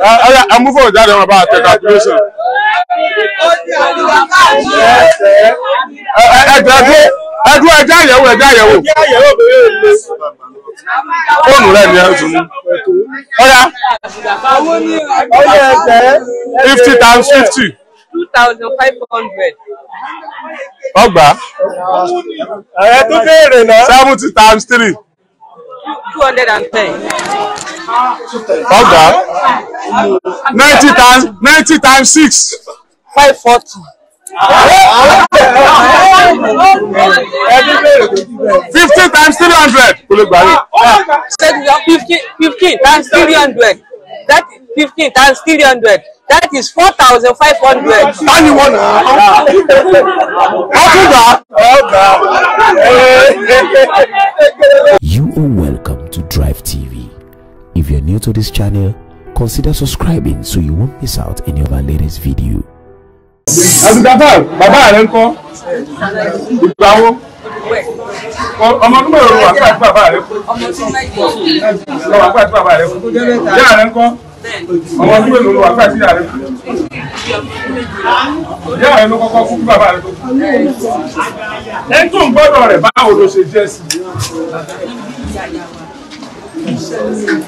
I, I, I move on that I'm about to calculation. Ẹgbẹ́ ẹgbẹ́ ẹja àyẹ̀wò rẹ̀ Fifty times fifty. náà. Seventy times three. two hundred and ten. ọgá ninety times ninety times six. five forty. fifty times three hundred. Ah, fifty times three hundred that fifteen times three hundred that is four thousand five hundred. báyìí wọ́n nà á. wọ́n tún gbà ọ̀gá. You are welcome to Drive TV. If you're new to this channel, consider subscribing so you won't miss out any of our latest video. àtìgbàtà bàbá rẹ ń kọ́ ìgbàwó ọmọ ọdún mẹ́rin wà pàtó bàbá rẹ kú wà pàtó bàbá rẹ kú yára ń kọ́ ọmọ ọdún mélòó ló wà fún àtìyà rẹ ìyá rẹ ló kọ́kọ́ fún bàbá rẹ tó kù ẹ tó ń gbọ́dọ̀ rẹ̀ báwo ló ṣe jẹ́ sí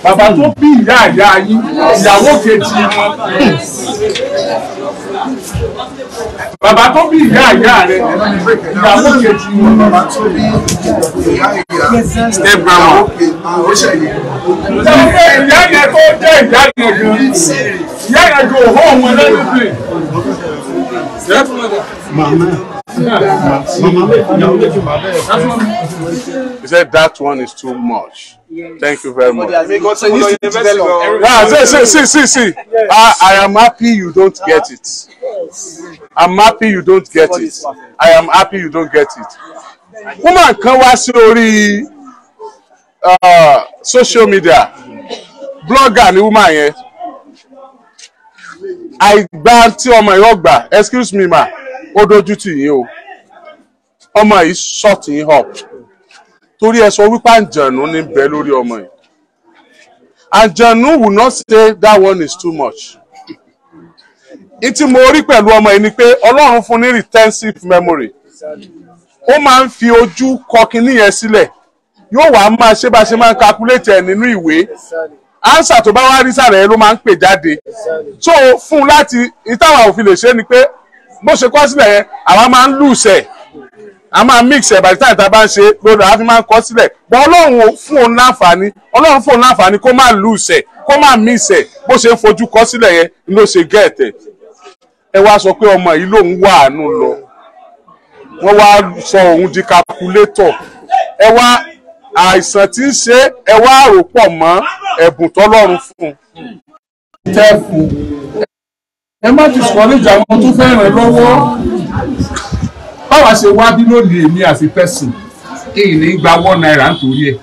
bàbá tó bí ìyá ìyá yín ìyàwó kejì wọn bàbá tó bí ìyá ìyá rẹ ìyàwó kejì wọn. bàbá tó bí ìyá ìyá step grandma ó ṣẹyìn. ìyá ìyá yẹn tó jẹ́ ìyá yẹn gan ìyá yẹn gan òhó òun ẹlẹ́dùn bíi. He said that one is too much. Thank you very much. Yeah, see, see, see, see, see. I, I am happy you don't get it. I'm happy you don't get it. I am happy you don't get it. Woman can wá sí uh, social media. Blogger ni woman yẹn. Àìgbà tí ọmọ ìyọ́ gbà. Excuse me ma. odojú tì yín o ọmọ yìí ṣọ́ọ̀tì yín hàn torí ẹ sọ wípé àǹjẹ̀nú ní bẹ lórí ọmọ yìí àǹjẹ̀nú will not say that one is too much n tí mo rí pẹ̀lú ọmọ yìí ni pé ọlọ́run fún ní retentive memory ó máa ń fi ojú kọkin níyẹn sílẹ̀ yóò wá máa ṣe bá ṣe máa ń calculate ẹ̀ nínú ìwé to tó bá wá rí sàrẹ̀ ló máa ń pè jáde so fún un láti ìtawà òfin lè ṣe ni pé bó ṣe kọ́ síbẹ̀ yẹn àwa máa ń a máa mix ẹ̀ by the time tá a bá ń ṣe lódò àfi máa ń kọ́ síbẹ̀ bọ́ ọlọ́run fún òun láǹfààní ọlọ́run fún òun láǹfààní kó má lùsẹ̀ kó má mix ẹ̀ bó ṣe ń fojú kọ́ sílẹ̀ yẹn ló ṣe gẹ̀ẹ́tẹ̀ ẹ wá sọ pé ọmọ yìí lòun wà àánú lọ wọ́n wá sọ òun di calculator ẹ wá àìsàn tí ń ṣe ẹ wá àròpọ̀ mọ́ ẹ̀bùn tọ́lọ́run fún un ẹ má ti sọ̀rọ̀jà wọn tó fẹ́ ràn lọ́wọ́ báwa ṣe wá bí lónìí èmi àfi pẹ́sìn kí n ní gba one naira nítorí ẹ̀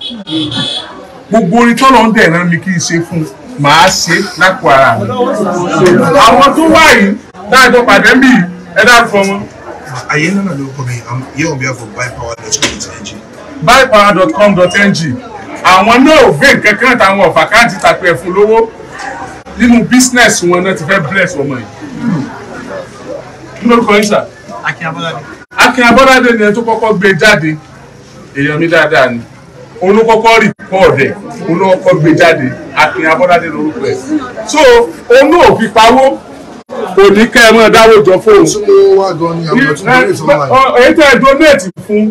gbogbo orin tọ́lọ́ ń dẹ̀ràn mi kí n ṣe fún un màá ṣe lápò ara mi àwọn tó wà yìí dáadọ́ pàdé mi ẹ dáàbò ọmọ. àyè náà ló kọ́ mi yẹ́ òun bí wọ́n fọ buypower.com.ng. buypower.com.ng àwọn náà ò gbé nǹkan kan táwọn ọ̀fà káàdì tàpẹ́ fún lówó nínú business wọn náà ti fẹ́ bless ọmọ yìí kí ló kọ ìṣà. Akin Abọ́dádé. Akin Abọ́dádé ni ẹ tó kọ́kọ́ gbé jáde èèyàn mi dáadáa ni olùkọ́kọ́ rìpọ́ọ̀dẹ̀ olùkọ́kọ́ gbé jáde Akin Abọ́dádé lórúkọ ẹ̀ so onú òfin pawó kò ní kẹ́ ẹ mọ́ dáwọ́ jọ fóun. èyí tẹ́ ẹ donate fún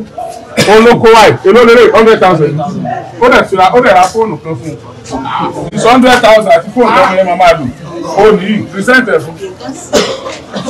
olókòwáì olólèrè hundred thousand ó dẹ̀ ra fóònù kan fún un hundred thousand àti fóònù ọmọ my máa Only lò present ẹ̀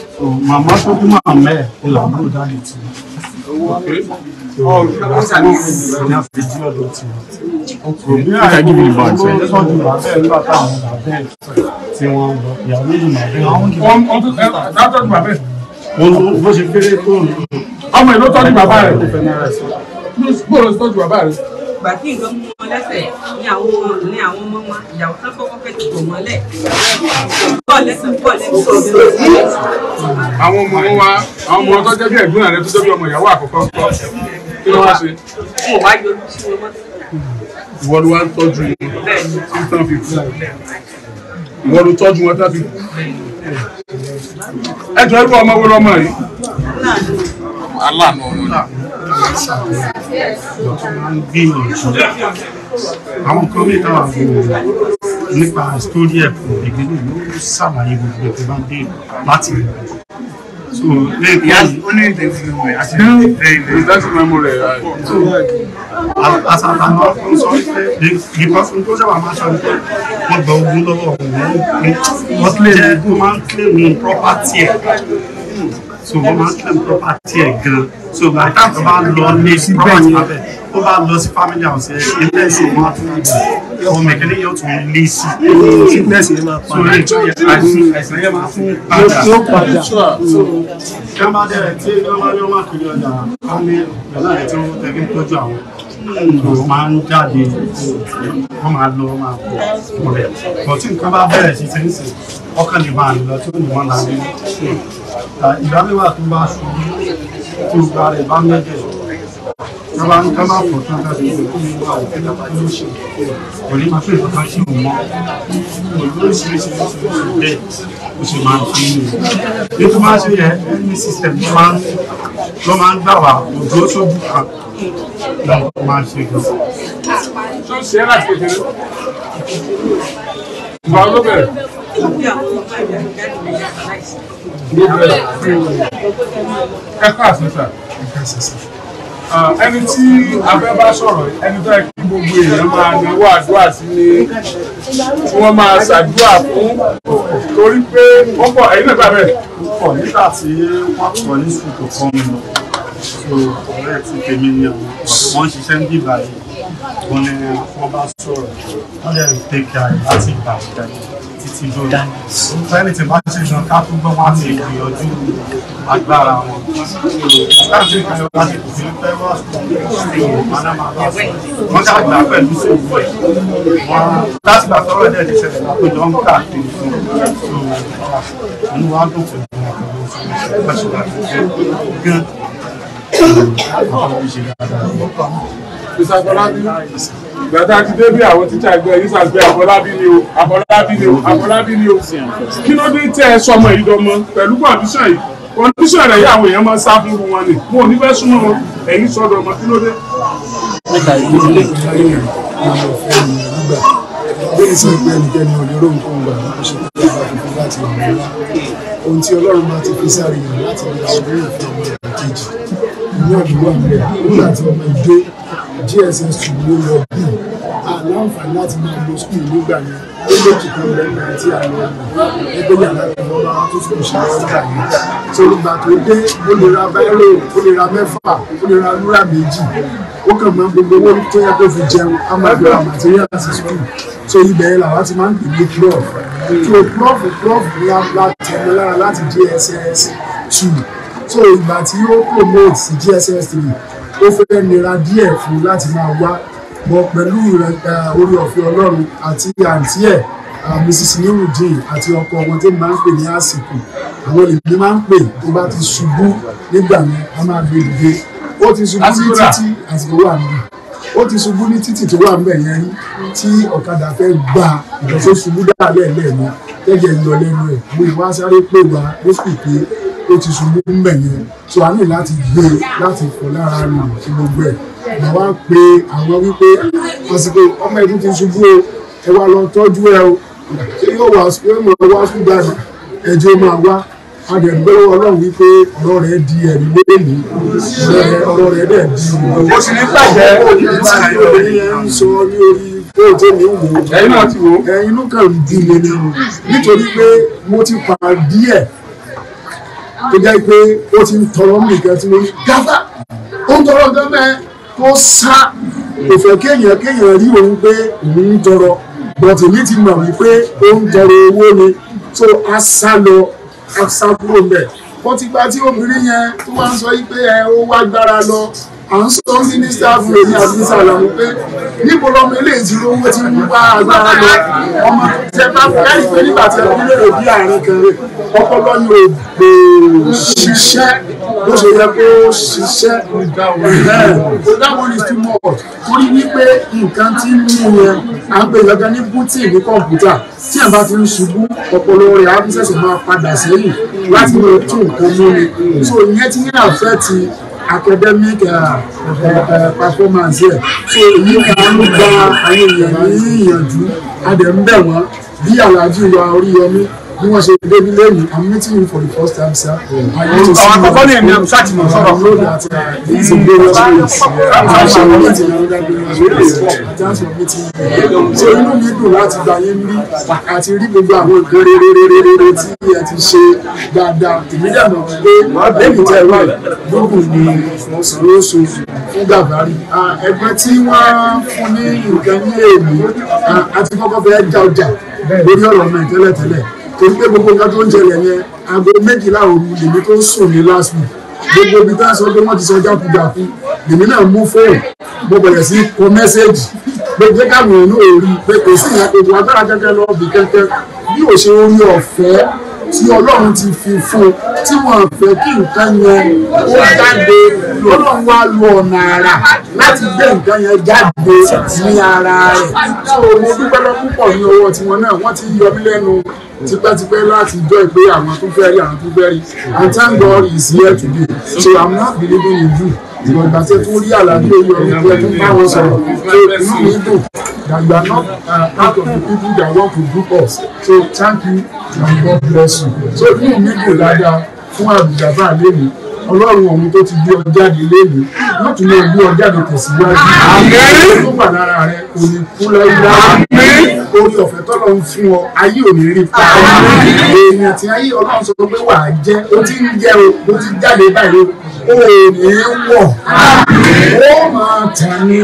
so màmá tó kú màmá ẹ̀ ó là ń dáàdì tì í so ní àfijì ọ̀dọ̀ tì í bí àìní mi bá jẹ́ sọ́jú bàbẹ́ nígbà táwọn bàbẹ́ tí wọ́n ń lọ ìyàwó yìí bàbẹ́ wọn tó tọ́jú bàbẹ́ bó ṣe kéré tó ọmọ ìlú tọ́jú bàbá rẹ̀ bó ṣe tọ́jú bàbá rẹ̀ ìgbà tí nǹkan mú wọn lẹ́sẹ̀ ní àwọn ní àwọn ọmọ wọn ìyàwó tán kọ́kọ́ fẹ́ ti bò mọ́lẹ̀ bọ́ lẹ́sẹ̀ bọ́ lẹ́sẹ̀. àwọn ọmọ wa àwọn ọmọ tó jẹ́ bí ẹ̀gbọ́n rẹ tó jẹ́ bí ọmọ ìyàwó àkọ́kọ́ kí ló wá ṣe. mo wá yọ ojú sí wọn mọ́. ìwọ ló wá ń tọ́jú wọn tí tán fi kú ìwọ ló tọ́jú wọn tán ẹ jọ irú ọmọ wo lọmọ yìí. aláàánú ọmọ náà gbìyànjú àwọn kan bí táwọn àgbègbè nípa sítórí ẹ̀kọ́ ìgbélé ló ṣàlàyé gbogbo ẹ̀kọ́ bá dé láti rẹ̀. So, like, he has only the memory. As in, the that's memory. So, as at an often sọ pé the person tó sábà máa sọ pé wọ́n gba ogún lọ́wọ́ ọ̀hún wọ́n jẹ́ wọ́n máa ń claim property ẹ̀ so wọ́n máa ń claim property ẹ̀ gan so by the time tó bá lọ ní property abẹ tó bá lọ sí family house ẹ̀ ilé ẹ̀sìn wọn á tún lè ọmọ ìkẹ́lẹ́ yóò tún lé sí i ilé ẹ̀sìn yẹn máa padà so àìsàn àìsàn yẹn máa fún padà yóò padà so kí máa ń jáde wọ́n máa lọ máa pọ̀ pọ̀ rẹ̀ bọ̀ nǹkan bá bẹ̀rẹ̀ sí sẹ́ńsì ọkàn lè máa lọ tó ní wọ́n náà ìgbàlẹ́wà tó bá sùn tí o gba rẹ̀ bá mẹ́jẹ̀ lọ́ba ń ká máa pọ̀ tán ká lè kó mi wá òkè náà kó ló ṣe kò ní máa fẹ́ ìfọ̀ká sí òun mọ́ olóríṣiríṣi lóṣìṣẹ́ bẹ́ẹ̀ ó sì máa ń fi ní o ní tó máa ṣe yẹ ẹni system tó máa ń lọ́ máa ń gbà wá òjò sójú kan ní tó máa ṣe gan. ṣó ṣe é láti kékeré ìgbà olóbẹ̀rẹ̀ ẹ káàsán sà ẹni tí abẹ́ bá sọ̀rọ̀ ẹni tó yẹ kí gbogbo èèyàn máa náwó àdúrà sí ni tí wọ́n máa ṣàdúrà fún torí pé wọ́n pọ̀ ẹ̀yin náà gbàgbẹ́. púpọ̀ nígbà tí wọ́n pọ̀ ní sùkò kan mi lọ so ọ̀rẹ́ ti tèmi ni àwọn wọ́n ṣiṣẹ́ ń bíbá yìí wọ́n ní wọ́n bá sọ̀rọ̀ wọ́n lè take care láti gbà wọ́n dájú títí lórí sẹ́ni tí bá ṣe yan ká tó gbọ́n wá ti gbìyànjú agbára wọn láti ìpínlẹ̀ láti ìpínlẹ̀ fẹ́ràn ìṣòro manama wọn dàgbà pẹ̀lú ṣòwò ẹ̀ wọn láti gbà tọrọ ẹ̀dẹ̀ ti ṣẹlẹ̀ lápò ìjọ ń káàkiri fún un inú wa dùn pẹ̀lú wọn pẹ̀lú ìṣòro àti ìṣòro gan mr afọlábí gbàtà ti dé bí àwọn tíjà ẹgbẹ́ yìí sàgbé afọlábí ni o afọlábí ni o afọlábí ni o kí ló dé tẹ ẹ sọmọ yìí dọmọ pẹ̀lú kọndíṣàn yìí kọndíṣàn rẹ yàwó èèyàn máa sá fún wọn ni wọn ní fẹ́ súnmọ́ wọn ẹ̀yìn sọdọ ọmọ kí ló dé. mẹ́ta ìdílé lórí sọ pé ẹnikẹ́ni ò nǹkan gbà láti ṣe pé ọba tuntun láti wà wọ́n lá ohun tí ọlọ́run máa ti fi sáré yàn láti lè ṣe lórí ìfẹ́ ọmọ ìkejì ní ọ̀dùnú àpẹẹrẹ nígbà tí ọmọ ìdó GSS ló lọ bí àlàǹfààní láti máa lo school nígbà yẹn ó lè kí kan lẹ́nu àti àwọn ẹgbẹ́ yàrá kan lọ́ bá tó fi ṣe ọ́dà yìí tó ìgbà tó dé ó lè ra báírò ó lè ra mẹ́fà ó lè ra lúrà méjì ó kàn mọ gbogbo owó tó yẹ kó fi jẹun á máa gbé ra materials school so ibẹ̀ yẹn làwọn ti máa ń pè ní prof so prof prof ní láti ẹ̀mọ́ lára láti GSS two so ìgbà tí ó promote sí GSS three ó fẹ́ nira díẹ̀ fún láti máa wá bọ pẹ̀lú orí ọ̀fẹ́ ọlọ́run àti àǹtí ẹ̀ mrs nurudin àti ọkọ wọn tí máa ń pè ní àsìkò àwọn èmi máa ń pè tó bá ti ṣubú nígbà yẹn a máa gbé dìde ó ti ṣubú ní títì àsìkò wà níbi ó ti ṣubú ní títì tó wà níbẹ̀ yẹn tí ọ̀kadà fẹ́ gba ìtọ́sọ́ ṣubú dáadáa lẹ́ẹ̀lẹ́ẹ̀ni tẹ́jẹ̀ ń lọ lẹ́nu ẹ̀ mo ìwà sáré pè wá lóṣù pé ó ti ṣubú ńbẹ̀ yẹn so a ní láti gbé láti fọ lára rẹ̀ sí gbogbo ẹ̀ mà wá pe àwọn wípé àsìkò ọmọ ẹ̀dún ti ṣubú o ẹ wá lọ tọ́jú ẹ o ṣé yóò wá yóò wá sùn dànù ẹ̀jẹ̀ máa wá adẹ̀gbẹ́wò ọlọ́run wípé ọ̀rọ̀ rẹ̀ di ẹ̀rí lónìí ọ̀rọ̀ rẹ̀ dẹ̀ di òwò. ó sì ní bàjẹ́ òní tí kóòtù mi wò ó náà ti wò ó ẹ̀yin kàn ń dín lé ní nítorí pé mo ti pa díẹ̀ tó jẹ́ pé ó ti ń tọrọ nìkan tí wọ́n gáfà ó ń tọrọ gan mẹ́ tó sá kò fẹ́ kéèyàn kéèyàn rí òun pé òun ń tọrọ bọ̀tì ní ti mọ̀ wípé ó ń tọrọ owó ni tó a sá lọ a sá kúrò mẹ́ kọ́tígbà tí obìnrin yẹn tó wá ń sọ yí pé ẹ ó wá gbára lọ à ń sọ mínísítà fún èmi àti mínísítà lọ́mọ pé níbo lọmọ eléyìí ti lówó ti ń wá agbára lọ ọmọ tẹ bá fẹ́ẹ́ pé nígbà tí ẹni lè bí ààrẹ kan rè ọpọlọ yóò gbèrò ṣiṣẹ́ bó ṣe yẹ kó ṣiṣẹ́ kò dáwọn ní túmọ̀ torí wípé nǹkan tí ń mú yẹn à ń pè yọ̀gán ní bútì ní kọ̀ǹpútà tí ẹ̀ bá fi ń ṣubú ọpọlọ rẹ̀ á fi ṣẹ̀ṣẹ̀ máa padà sẹ́yìn láti lè tún nǹkan mú ni so ìyẹn ti ní àfẹ́ ti academic uh, uh, uh, performance yẹ so èyí máa ń gba àwọn èèyàn ní ìyànjú a dẹ̀ ń bẹ̀ wọ́n bí aláàjì wa Oríyọmí bí wọ́n ṣe dé nílé yìí i'm meeting you for the first time sir. àwọn àkọ́kọ́ ní èmi àmúṣà ti mọ̀ sọ̀rọ̀. i know that uh, it's a various ways i ṣe wọ́n láti another various ways i thank you for meeting me. so inú mi dùn láti gba yín rí àti rí gbogbo àwọn nǹkan rere tí ẹ ti ṣe dáadáa èmi dànù pé lẹ́yìn tẹ́ ẹ wá gbogbo ni ìfọ̀sọ̀rọ̀sọ fún gàbárì. ẹgbẹ́ tí wọ́n fún ní nǹkan ní èmi àti kọ́kọ́ fẹ́ já ọjà lórí ọ̀rọ̀ náà tẹ́lẹ̀tẹ́lẹ̀ torí pé gbogbo nǹkan tó ń jẹlẹ̀ yẹn aago méjìlá òru lèmi tó ń sùn ní last week gbogbo ibi tá a sọ pé wọ́n ti sọ jákujàku lèmi náà mú fóònù mo bẹ̀rẹ̀ sí kọ mẹ́sẹ́ẹ̀jì gbogbo káwọn èèyàn ò rí pé kò sí ìyàtọ̀ agbára kẹ́kẹ́ lọ́ọ̀bì kẹ́kẹ́ bí òṣèré orí ọ̀fẹ́ tí ọlọ́run ti fi fún un tí wọ́n fẹ́ kí nǹkan yẹn ó jáde ọlọ́run wá lo ọ̀nà àrà láti gbé nǹkan yẹn jáde ní ara rẹ̀ so mo dúpẹ́ lọ púpọ̀ ní ọwọ́ tiwọn náà wọ́n ti yọ mí lẹ́nu tipẹ́tipẹ́ láti jọ ìpè àwọn tó fẹ́ rí àwọn tó fẹ́ rí and thank God he is here today so I'm not believing in you ìgbà tí tó rí àlàyé oyè ọ̀rọ̀ ìgbẹ́ tó bá wọn sọ̀rọ̀ tó inú mi dùn that you are not uh, part of the people that want to group us so thank you and God bless you so you inú mi kò ládàá fún àbùdàbà lẹ́nu ọlọ́run ọ̀hún tó ti gbé ọ jáde lẹ́nu yóò tún lè gbé ọ jáde tẹ̀síwájú tó wà lára rẹ kò ní kú láíláí orí ọ̀fẹ́ tọ́lọ̀ ń fún ọ ayé ò ní rí pa èèyàn tí ayé ọlọ́run sọ pé wà á jẹ́ ó ti ń jẹ́ o ó ti jáde báyìí o o ò ní wọ̀ ó máa tàn ní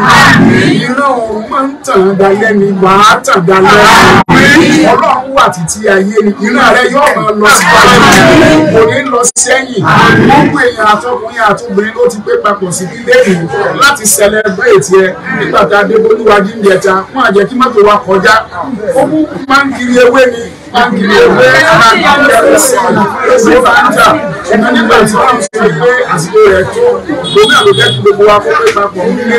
ìran ọ̀run máa ń tàn dalẹ́ ni wàá tàn dalẹ́ ọlọ́run wà títí ayé ni iná rẹ yóò máa lọ sí báyìí kò ní lọ sẹ́yìn gbogbo èèyàn àtọkùnrin àtọbìnrin ló ti pé papọ̀ sí nílé ìlú láti celebrate ẹ nígbà tá a dé bolúwadí ń jẹta wọn àjẹ kí mọ́tò wa kọjá ó mú pánkiri ewé ni pánkiri ewé àgbàgbà sí ewé bàńjà ṣùgbọ́n nígbà tí wọ́n sọ pé àsìkò rẹ̀ tó gbogbo àlọ́ jẹ́ kí gbogbo wa kó pé papọ̀ nílé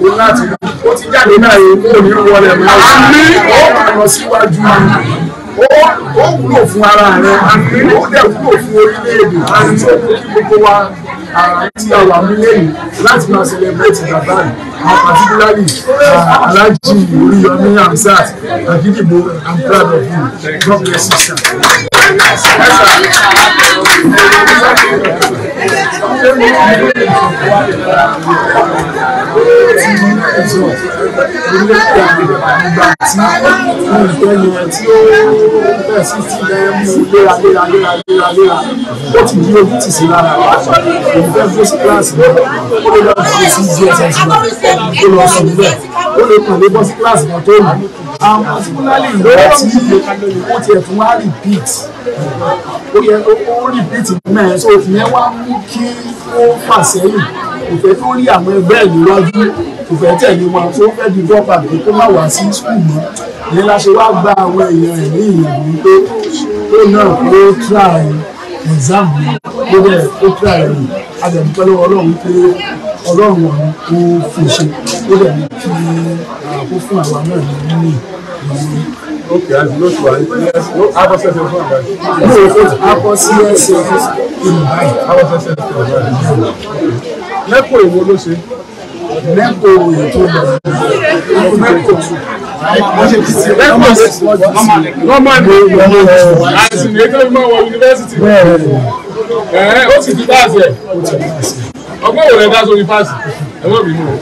ìlú láti ó ti jáde náà yìí kó ní wọlé mọ́ àmì ó kàn lọ síwájú ju ó wúlò fún ara rẹ ó dẹ̀ wúlò fún orílẹ̀-èdè àti tí ó kú kí gbogbo wa àti àwọn amúlẹ́yìn láti máa celebrate bàbá rẹ̀ àwọn particularly Alhaji Oríyọmí Hamzat Agidigbo I'm proud of you God bless you sir ó ti ó lè kàn lé bọ́ sí kíláàsì kan tó lù àwọn particularly lọ́wọ́ tí wọ́n ti ẹ̀fún wá repeat ó yẹ ó repeat mẹ́rin so òfin yẹn wá mú kí ó fà sẹ́yìn kò tó rí àwọn ẹgbẹ́ ẹ̀ níwájú kò tẹ̀lé wọn tó fẹ́ di drop out kó má wá sí school mọ́ ìyẹn la wá gba àwọn èèyàn ẹ̀ ní ìyẹn wípé ó náà kó try exam gbogbo ẹ̀ kó try ẹ̀ àjẹ̀dúpẹ́ lọ́wọ́ ọlọ́run pé ọlọ́run ọ̀run kó fi ṣe ó dẹ̀ ní kí kó fún àwa náà ní nílé ìwé. Okay, I've lost one. Yes, no, I was successful. No, I was yes, èwo ló ṣe? Àìsàn ètò ìmọ̀ wọ yunifásitì. Ó sì ti dáàsì ẹ̀ ọgbọ́n wo rẹ̀ dá sórí páàsì ẹ̀wọ́n mi mọ̀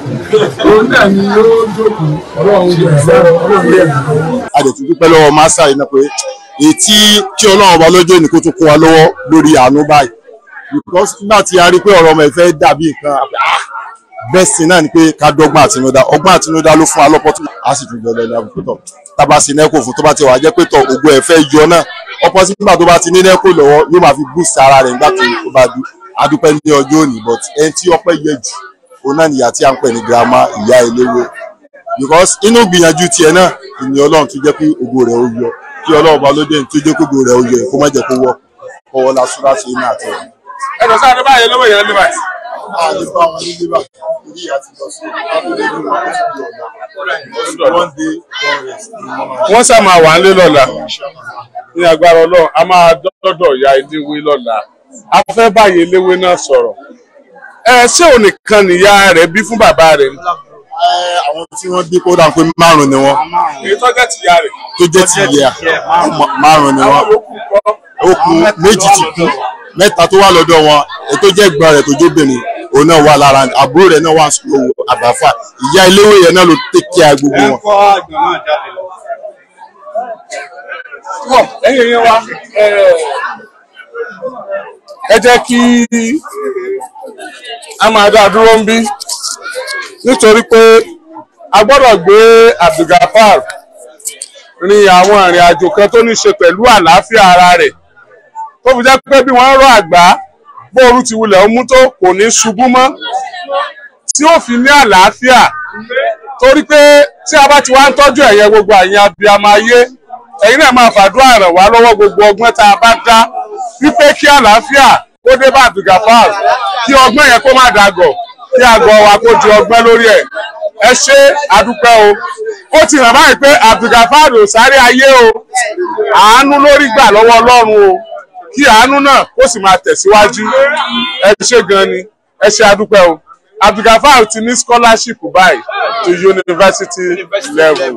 òun náà ni yóò jókòó ọlọ́run yẹ ẹ̀rọ ọlọ́run yẹ ẹ̀rọ. a lè ti dúpẹ́ lọ́wọ́ màsà yìí náà pé ètí tí ọlọ́run ọba lọ́jọ́ ní kó tún kún wa lọ́wọ́ lórí àánú báyìí because nígbà tí a rí pé ọ̀rọ̀ ọmọ ẹ̀ fẹ́ dàbí nǹkan ah, best thing náà ni pé ká dọ́gbọ́n àtinúdá ọgbọ́n àtinúdá ló fún wa lọ́pọ̀tù a sì tún jọlẹ̀ lẹ́nu pé tọ̀ tábà sí nẹ́kò fún tó bá ti wà jẹ́ pé tọ̀ ògùn ẹ̀ fẹ́ yọ náà ọ̀pọ̀ sí nígbà tó bá ti ní nẹ́kò lọ́wọ́ yóò máa fi boost ara rẹ̀ nígbà tó bá dùn adúpẹ́ ní ọjọ́ òní but ẹni tí ọpẹ́ yẹ jù òun náà nìyá tí a ń pè ní girama ìyá eléwé because inú gbìyànjú tiẹ̀ náà ìní ọlọ́run tó jẹ́ pé ògo rẹ̀ ó yọ kí ọlọ́run bá lóde tó jẹ́ kógo rẹ̀ ó yọ kó má jẹ́ kó wọ́ ọwọ́ lásúrà sí iná àtẹ. ẹ lọ sáré báyìí lọ́wọ́ ìyá lébà. a lè bá wọn ní lébà orí àti lọ sí ọ̀la wọ́n sá máa wà ń lé lọ́la ní agbára ọlọ́run a máa dọ́dọ̀ ìyá ìdíwé lọ́la a fẹ́ báyìí eléwé náà sọ̀rọ̀ ẹ ṣé òun nìkan nìyá rẹ̀ bí fún bàbá rẹ̀ ni. àwọn tí wọ́n bí kódà pé márùn-ún ni wọ́n. èyí tó jẹ́ tìyá rẹ̀. tó jẹ́ tìyá márùn-ún ni wọ́n. ó kù méjì ti kú mẹ́ta tó wà lọ́dọ̀ wọn èyí tó jẹ́ ẹ̀gbọ́n rẹ̀ tó jóbìnrin òun náà wà lára àbúrò rẹ̀ náà wà sùkúrò àbáfà ìyá eléwé yẹn náà ló tẹ́kíà gbogbo wọn. ẹ kọ́ àgbọ̀n náà jáde lọ ẹ jẹ́ kí a máa dá dúró ń bí nítorí pé a gbọ́dọ̀ gbé Abdulgafar rin àwọn ìrìn àjò kan tó ní ṣe pẹ̀lú àlàáfíà ara rẹ̀ tó fi jẹ́ pé bí wọ́n rọ àgbá bóoru ti wulẹ̀ ó mú tó kò ní ṣubú mọ́ tí ó fi ní àlàáfíà torí pé tí a bá ti wá ń tọ́jú ẹ̀yẹ gbogbo àyìn abiyamọ ayé ẹ̀yin náà máa fàdúrà ràn wá lọ́wọ́ gbogbo ọgbọ́n tá a bá dá wípé kí àlàáfíà kó dé bá Abdulgafar kí ọgbọ́n yẹn kó má dàgọ̀ kí àgọ́ wa kó di ọgbọ́n lórí ẹ̀ ẹ ṣe àdúpẹ́ o ó ti hàn báyìí pé Abdulgafar ò sáré ayé o àánú lórí gbà lọ́wọ́ Ọlọ́run o kí àánú náà kó sì máa tẹ̀síwájú ẹ ṣe gan ni ẹ ṣe àdúpẹ́ o Abdulgafar ti ní scholarship báyìí to university level.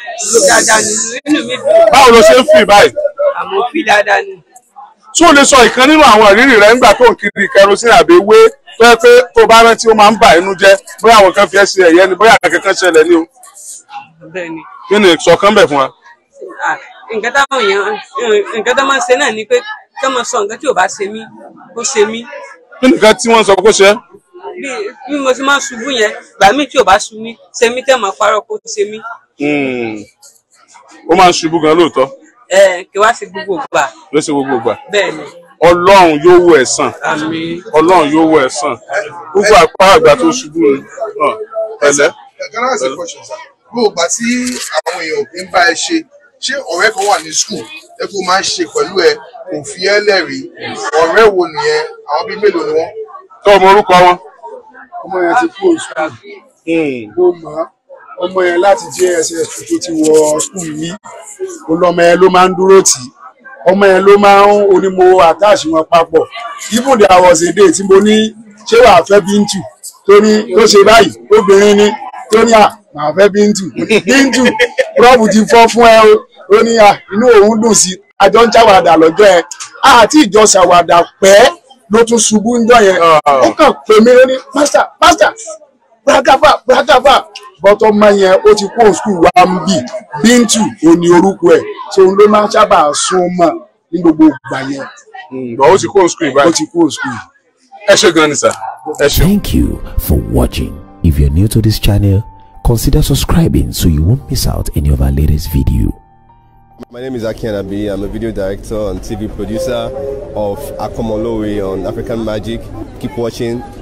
ló dáadáa ni inú mi dùn. báwo ló ṣe ń fi báyìí. àmọ́ fi dáadáa ni. tí o lè sọ ìkan nínú àwọn ìrírí rẹ nígbà tó ń kiri kerosene àbí ewé tó pé tó bá rántí ó máa ń bà inú jẹ́ bóyá àwọn kan fi ẹ́ ṣe ẹ̀yẹ ni bóyá kankan ṣẹlẹ̀ ni o. bẹ́ẹ̀ni. kí ni ìsọkàn bẹ fún wa. nǹkan táwọn èèyàn nǹkan tó máa ń ṣe náà ni pé kí wọ́n sọ nǹkan tí ò bá ṣe mí ó ṣe mí. kí nìkan tí wọ́n sọ kó ṣe é bí mo ti máa ṣubú yẹn gbà mí tí ò bá ṣu mí ṣe mí tẹ́ mọ̀ parọ́ kó ṣe mí Hmm. ó máa ń ṣubú gan lóòótọ́. ẹ kí wá sí gbogbo gbà. ló ṣe gbogbo gbà. bẹ́ẹ̀ni. Ọlọ́run yóò wò ẹ́ sàn. Àmín. Ọlọ́run yóò wò ẹ́ sàn. Gbogbo àpá àgbà tó ṣubú ni. Ẹ̀lẹ́. Can I ask a question, sir? Gbogbo ìgbà tí àwọn èèyàn ń bá ẹ ṣe, ṣé ọ̀rẹ́ kan wà ní school ẹ kó máa ń ṣe pẹ̀lú ẹ kò fi ẹ́ lẹ́rìí? Ọ̀rẹ́ wo nìyẹn? Àwọn bíi mélòó ni wọ́n? Tọ́ ọmọ orúkọ wọn. Ọmọ yẹn ti kúrò school. Hmm. Ó mọ̀ ọmọ yẹn láti JSS tó ti wọ skul mi ó lọmọ ló máa ń dúró tì í ọmọ yẹn ló máa ń onímọ̀ àtàṣì wọn papọ̀ even the hours a day tí mo ní ṣé wàá fẹ́ bíntù tó ní tó ṣe báyìí obìnrin ni tó ní à màá fẹ́ bíntù bíntù rọ́ọ̀bù ti fọ́ fún ẹ o ó ní à inú òun dùn sí àjọ ń ṣàwàdà lọ́jọ́ ẹ àti ìjọ ṣàwàdà pẹ́ ló tún ṣubú ń jọ yẹn ah. ó kàn pè mí ó ní pásítà pásítà bragaba bragaba bọ́tọ́ mọ́ yẹn ó ti kó skul wa ń bì bíntù òní orúkọ ẹ̀ so òun ló máa sábà sún mọ́ ní gbogbo ìgbà yẹn. Hmm, bọ̀ ó ti kó skul báyìí. ó ti kó skul. ẹ ṣé gan ni sà ẹ ṣé. thank you for watching if you are new to this channel consider subscribing so you won't miss out any of our latest video. My name is Aki Anabi. I'm a video director and TV producer of Akomolowe on African Magic. Keep watching